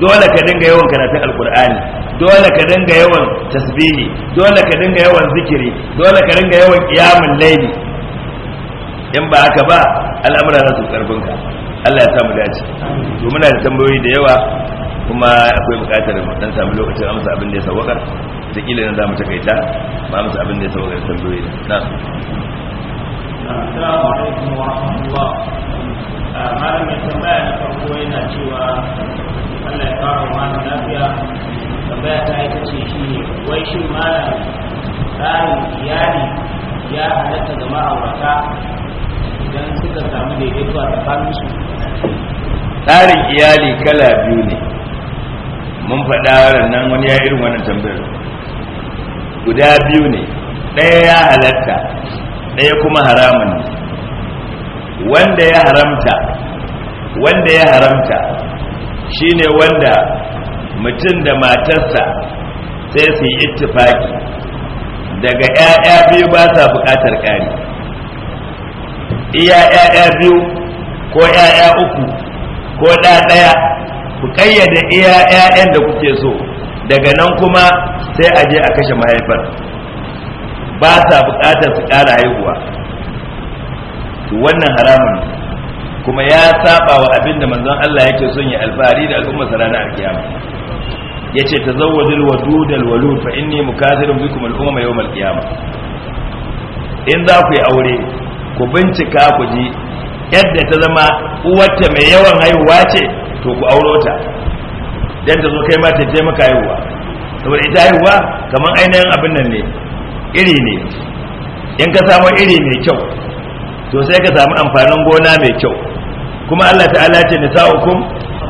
dole ka dinga yawan karatun alkur'ani dole ka dinga yawan tasbihi dole ka dinga yawan zikiri dole ka dinga yawan qiyamul layli in ba haka ba al'amura za su ka Allah ya sa mu dace to muna da tambayoyi da yawa kuma akwai bukatar mu dan samu lokacin amsa abin da ya sauka da kila nan za mu takaita mu amsa abin da ya sauka da tambayoyi na Assalamu alaikum wa rahmatullah. Ah, malam mai tambaya na farko yana cewa Allah ya fara mana lafiya. Tambaya ta ita ce shi ne wai shin malam tsarin iyali ya halatta ga ma'aurata idan suka samu daidaito a su. Tsarin iyali kala biyu ne. Mun faɗa nan wani ya irin wannan tambayar. Guda biyu ne, ɗaya ya halatta ɗaya kuma haramun wanda ya haramta wanda ya haramta shine wanda mutum da matarsa sai su yi ittifaki daga 'ya'ya biyu ba sa buƙatar ƙari iya 'ya'ya biyu ko 'ya'ya uku ko ɗa ɗaya ku ƙayyade iya 'ya'yan da kuke so daga nan kuma sai a je a kashe mahaifar ba sa bukatar su kara haihuwa to wannan haramun kuma ya saba wa abin da manzon Allah yake son ya alfahari da al'umma sarana alkiyama yace tazawwadul wadud walud fa inni mukathirun bikum al'umma yawm alqiyama in za ku yi aure ku bincika ku ji yadda ta zama uwarta mai yawan haihuwa ce to ku auro ta dan ta zo kai ma ta je maka haihuwa saboda ita haihuwa kamar ainihin abin nan ne iri ne in ka samu iri mai kyau to sai ka samu amfanin gona mai kyau kuma Allah ta'ala ce hukum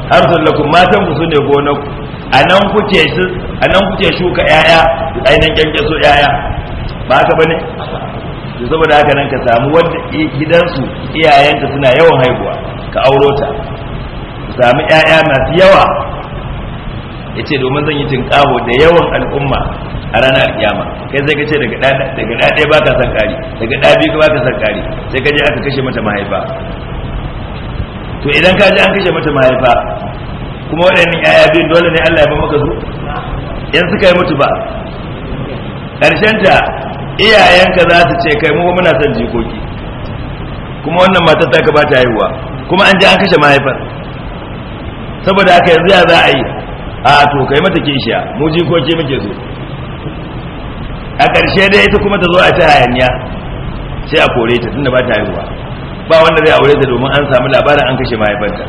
harsun lakum matan ku sune gonar ku anan kuke anan kuke shuka yaya ainihin kyankyaso yaya ba ka bane to saboda haka nan ka samu wanda gidansu iyayenta suna yawan haihuwa ka auro ta ka samu yaya masu yawa yace domin zan yi tinkawo da yawan al'umma a ranar alkiyama kai sai ka ce daga daga da ka baka san kari daga da biyu ka san kari sai ka je aka kashe mata mahaifa to idan ka je an kashe mata mahaifa kuma waɗannan yaya biyun dole ne Allah ya ba maka su yan suka yi mutu ba ƙarshen ta iyayenka za su ce kai mu muna son jikoki kuma wannan matar ta ka ba ta haihuwa kuma an je an kashe mahaifar saboda haka yanzu ya za a yi a to kai mata kishiya mu jikoki muke so a ƙarshe dai ita kuma ta zo a ta hayaniya sai a kore ta tunda ba ta haihuwa ba wanda zai aure ta domin an samu labarin an kashe mahaifarta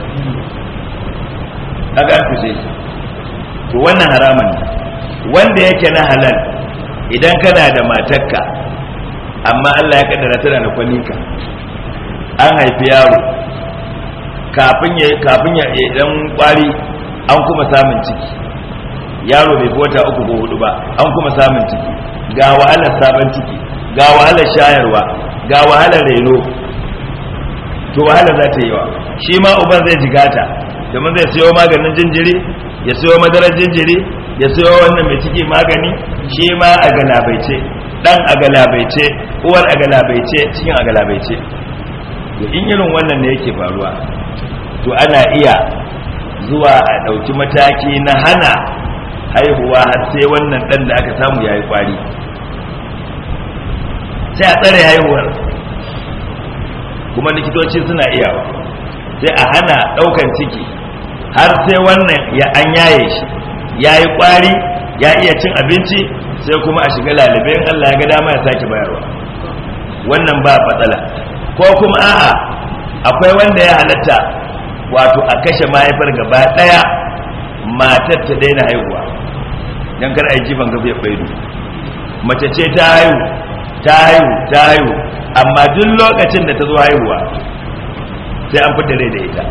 haka an kashe to wannan haramun wanda yake na halal idan kana da matakka amma Allah ya kaddara tana da kwaninka an haifi yaro kafin ya kafin ya kwari an kuma samun ciki yaro bai bota uku ko hudu ba an kuma samun ciki ga wahalar sabon ciki ga wahalar shayarwa ga wahalar reno to wahalar za ta yi wa shi ma uban zai jigata domin zai sayo maganin jinjiri ya sayo madarar jinjiri ya sayo wannan mai ciki magani shi ma a galabaice dan a galabaice uwar a galabaice cikin a galabaice to in irin wannan ne yake faruwa to ana iya zuwa a ɗauki mataki na hana haihuwa har sai wannan dan da aka samu yayi kwari sai a tsare haihuwar kuma likitoci suna iya. sai a hana daukan ciki har sai wannan ya an yaye shi yayi kwari ya iya cin abinci sai kuma a shiga lalibai Allah ya ga dama ya sake bayarwa wannan ba fatsala ko kuma a'a akwai wanda ya halatta wato a kashe mahaifar gaba daya matar ta daina haihuwa Yan kar a yi jifan gabe kwaido mace ce ta haihu ta haihu ta haihu amma duk lokacin da ta zo haihuwa sai an fita rai da ita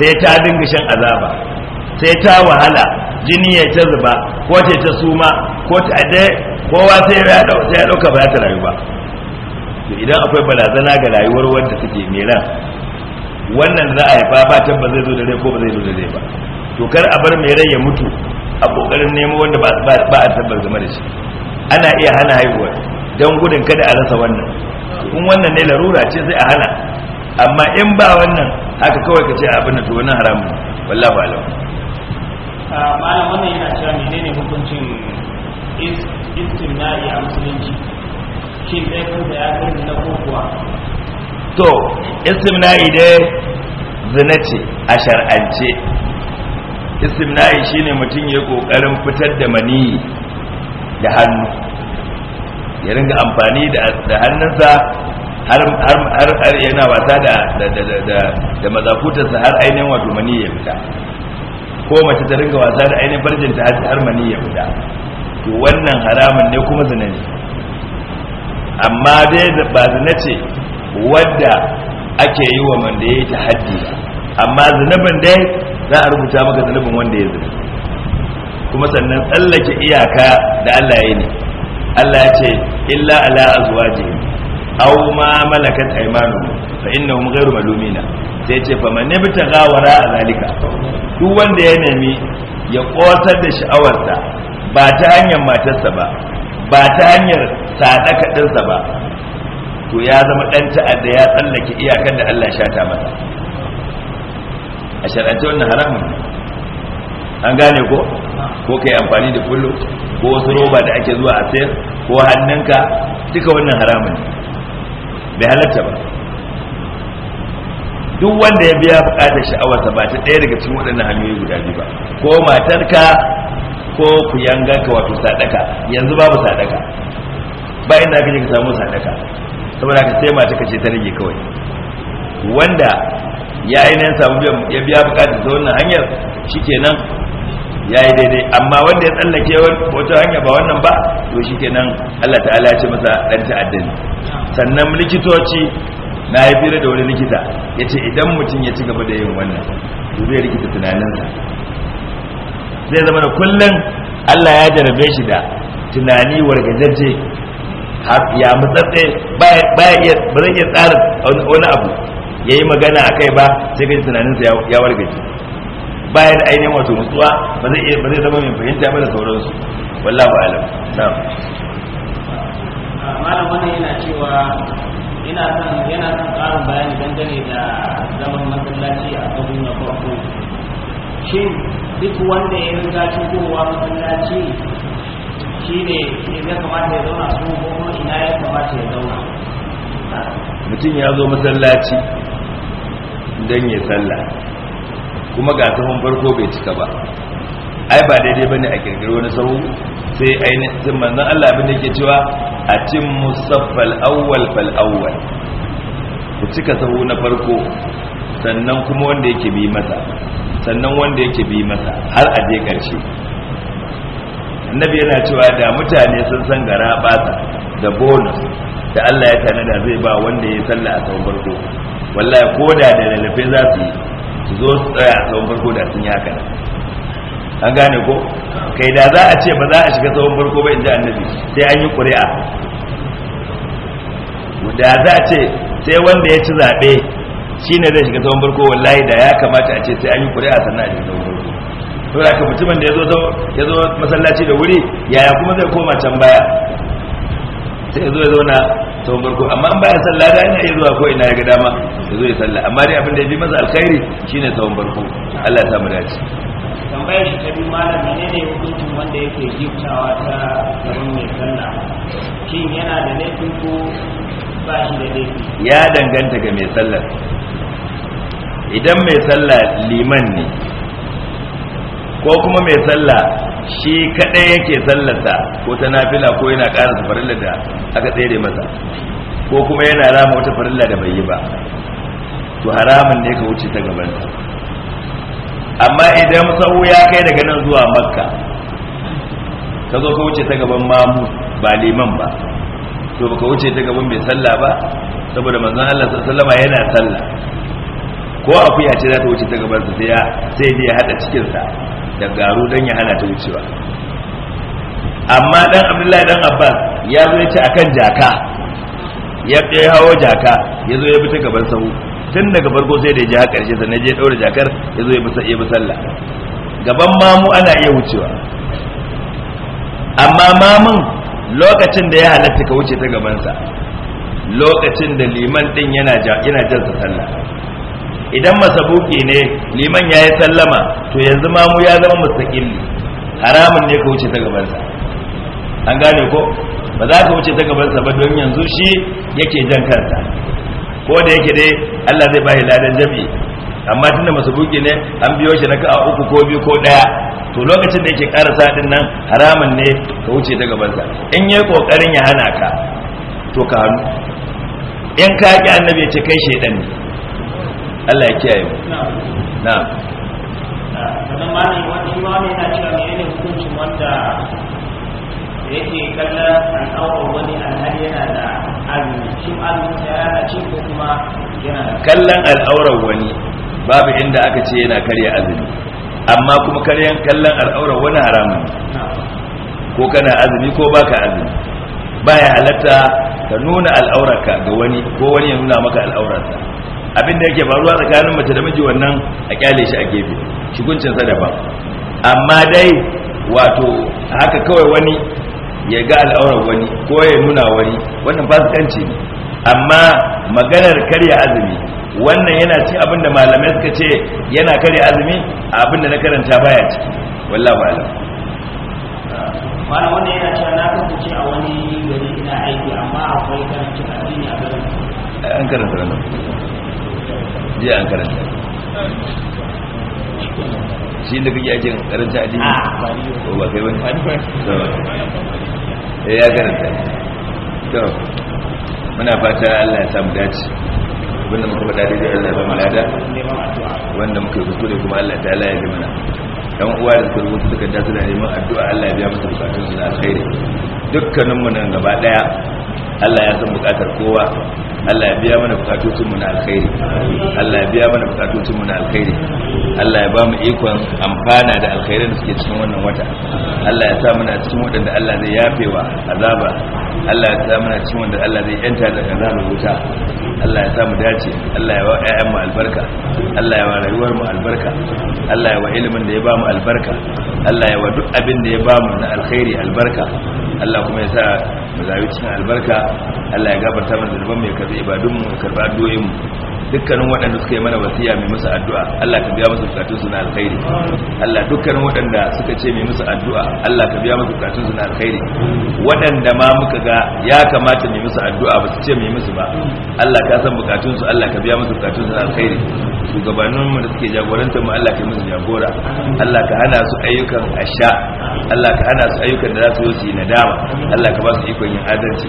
sai ta dinga shan azaba sai ta wahala jini ya ta zuba ko ta ta suma ko ta ade kowa sai ya dauka ba ta rayu ba to idan akwai balazana ga rayuwar wanda take mai ran wannan za a yi ba zai zo da rai ko ba zai zo da rai ba to kar a bar mai rai ya mutu a kokarin nemo wanda ba a tabbar game da shi ana iya hana haihuwa don gudun kada a rasa wannan kun wannan ne larura ce sai a hana amma in ba wannan haka kawai ka ce abin da to wannan haramun wallahi ba lau ah, malam wannan yana cewa menene hukuncin istimna'i a musulunci shi dai ko da ya karbi na kokowa to istimna'i dai zina ce a shar'ance istimna'i shine mutum ya kokarin fitar da mani da hannu ya ringa amfani da hannunsa har yana wasa da mazakutarsa har ainihin wato mani ya fita ko mace ta ringa wasa da ainihin ta har mani ya fita to wannan haramun ne kuma zina ne amma dai da ba zina ce wadda ake yi wa man da ya yi ta haddi amma zinaban dai za a rubuta maka zunubin wanda ya zina kuma sannan tsallake iyaka da Allah ya ne Allah ya ce illa ala azwajihim aw ma malakat aymanu fa innahum ghayru malumina sai ce fa man ibtaga wara zalika duk wanda ya nemi ya ƙosar da sha'awarsa ba ta hanyar matarsa ba ba ta hanyar sadaka dinsa ba to ya zama ɗan ta'adda ya tsallake iyakar da Allah sha ta masa a shar'ance wannan haramun an gane ko ko kai amfani da kullu ko wasu roba da ake zuwa a sayar ko hannunka duka wannan haramun bai halatta ba duk wanda ya biya bukatar sha'awarsa ba ta ɗaya daga cikin waɗannan hanyoyi guda biyu ba ko matarka ko ku yanga ka wato sadaka yanzu babu sadaka ba inda kake ka samu sadaka saboda ka sai mata kace ta rage kawai wanda ya yi nan samu ya biya bukata ta wannan hanyar shikenan ya yi daidai amma wanda ya tsallake wata hanya ba wannan ba to shikenan Allah ta'ala ya ce masa dan ta'addani sannan likitoci na ya fira da wani likita ya ce idan mutum ya ci gaba da yin wannan to zai likita tunaninsa zai zama da kullum Allah ya jarabe shi da tunani wargajajje ya ba zai iya tsara wani abu ya yi magana a kai ba sai kai tunaninsa ya wargaje Bayan da ainihin wato nutsuwa ba zai zama mai fahimta ba da sauransu wallahu alam na'am malam wannan yana cewa ina son yana son karin bayani dangane da zaman masallaci a kabin na farko shin duk wanda ya riga shigowa masallaci shi ne ya kamata ya zauna su kuma ina ya kamata ya zauna mutum ya zo masallaci don ya sallah kuma ga sahun farko bai cika ba ai ba daidai bane a kirkiri wani sahu sai ainihin manzon Allah abin da yake cewa a cin musaffal awwal fal awwal ku cika sahu na farko sannan kuma wanda yake bi masa sannan wanda yake bi masa har a je karshe annabi yana cewa da mutane sun san gara ba da bonus da Allah ya tanada zai ba wanda ya salla a sahun farko wallahi ko da da lalafe za su yi su zo su tsaya a tsawon farko da sun yi haka an gane ko kai da za a ce ba za a shiga tsawon farko ba in ji annabi sai an yi ƙuri'a da za a ce sai wanda ya ci zaɓe shi ne zai shiga tsawon farko wallahi da ya kamata a ce sai an yi ƙuri'a sannan a shiga tsawon farko da ka mutumin da ya zo masallaci da wuri yaya kuma zai koma can baya sai ya zo ya zauna to barko amma an baya sallah da ina yi zuwa ko ina ya ga dama ya zo ya sallah amma dai abin da ya bi masa alkhairi shine tsawon barko Allah ya samu dace tambayar shi ta biyu malam menene hukuncin wanda yake jiftawa ta gaban mai sallah shin yana da laifin ko ba shi da laifi ya danganta ga mai sallah idan mai sallah liman ne ko kuma mai sallah shi kaɗai yake sallarsa ko ta nafila ko yana ƙara farilla da aka tsere masa ko kuma yana rama wata farilla da bai yi ba to haramun ne ka wuce ta gaban. amma idan sau ya kai daga nan zuwa makka ka zo ka wuce ta gaban mamu ba liman ba to ba ka wuce ta gaban mai sallah ba saboda manzon Allah sallama yana sallah ko akuya ce za ta wuce ta gaban sai ya ya hada cikin da garu don ya hana ta wucewa amma dan abdullahi dan abbas ya zo ya ci akan jaka ya hawo jaka ya zo ya bi ta gaban sahu tun daga farko sai da ya ji har karshe sannan ya daura jakar ya zo ya bi sallah gaban mamu ana iya wucewa amma mamun lokacin da ya halatta ka wuce ta gabansa lokacin da liman din yana jansa sallah idan masabuki ne liman ya yi sallama to yanzu mamu ya zama mustaƙilli haramun ne ka wuce ta gabansa an gane ko ba za ka wuce ta gabansa ba don yanzu shi yake jan kansa ko da yake dai Allah zai ba ladan jami amma tunda masabuki ne an biyo shi na ka uku ko biyu ko daya to lokacin da yake karasa saɗin nan haramun ne ka wuce ta gabansa in yayi kokarin ya hana ka to ka hannu in ka ki annabi ya ce kai shedan ne Allah ya kiyaye mu ma ne wani cewa wanda yake kallon al'aurar wani alhali yana da azumi shi ya ko kuma yana wani babu inda aka ce yana karya azumi amma kuma karyan kallon al'aurar wani haramun ko kana azumi ko baka azumi baya halatta ka nuna al'aurarka ga wani ko wani ya nuna maka al'aurarsa abin da yake faruwa tsakanin mace da miji wannan a kyale shi a gefe shiguncin sa daban amma dai wato haka kawai wani ya ga al'aurar wani ko ya nuna wani wannan fasikanci ne amma maganar karya azumi wannan yana ci abin da malamai suka ce yana karya azumi abin da na karanta baya ciki wallah ba alam malam wannan yana cewa na kasance a wani gari ina aiki amma akwai karancin cikin a garin an karanta nan jiya an karanta shi da kake ajin karanta addini ko ah. ba kai wani eh, ya karanta to muna fata Allah ya samu dace wanda muka fada da Allah ba malada wanda muka yi kuskure kuma Allah ta laya ga mana dan uwa da kuma rubuta suka dace da neman addu'a Allah ya biya musu bukatun su na alkhairi mu nan gaba daya Allah ya san bukatar kowa Allah ya biya mana bukatocin mu na alkhairi Allah ya biya mana bukatocin mu na alkhairi Allah ya ba mu ikon amfana da alkhairin da suke cikin wannan wata Allah ya sa muna cikin wadanda Allah zai yafewa azaba Allah ya sa muna cikin wanda Allah zai yanta daga zanar wuta Allah ya sa mu dace Allah ya wa ƴaƴan mu albarka Allah ya wa rayuwar mu albarka Allah ya wa ilimin da ya ba mu albarka Allah ya wa duk abin da ya ba mu na alkhairi albarka Allah kuma ya sa mu zabi cikin albarka Allah ya gafarta mana zunuban mai karbi ibadun mu karba doyin mu dukkanin waɗanda suka yi mana wasiya mai musu addu'a Allah ka biya musu bukatun su na alkhairi Allah dukkanin waɗanda suka ce mai musu addu'a Allah ka biya musu bukatun su na alkhairi waɗanda ma muka ga ya kamata mai musu addu'a ba su ce mai musu ba Allah ka san bukatun su Allah ka biya musu bukatun su na alkhairi shugabanninmu da suke jagorantar mu Allah ka musu jagora Allah ka hana su ayyukan asha Allah ka hana su ayyukan da za su yi nadama Allah ka ba su ikon yin adalci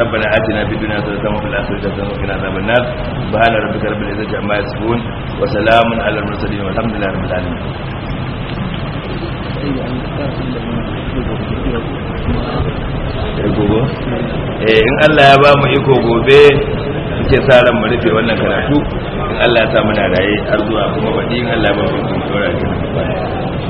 rabbana atina fid dunya hasanatan wa fil akhirati hasanatan wa qina adhaban nar subhana rabbika rabbil izzati amma yasifun wa salamun alal mursalin walhamdulillahi rabbil alamin Eh in Allah ya ba mu iko gobe muke sa ran mu rufe wannan karatu in Allah ya sa muna raye har zuwa kuma baɗi in Allah ba mu kuma dora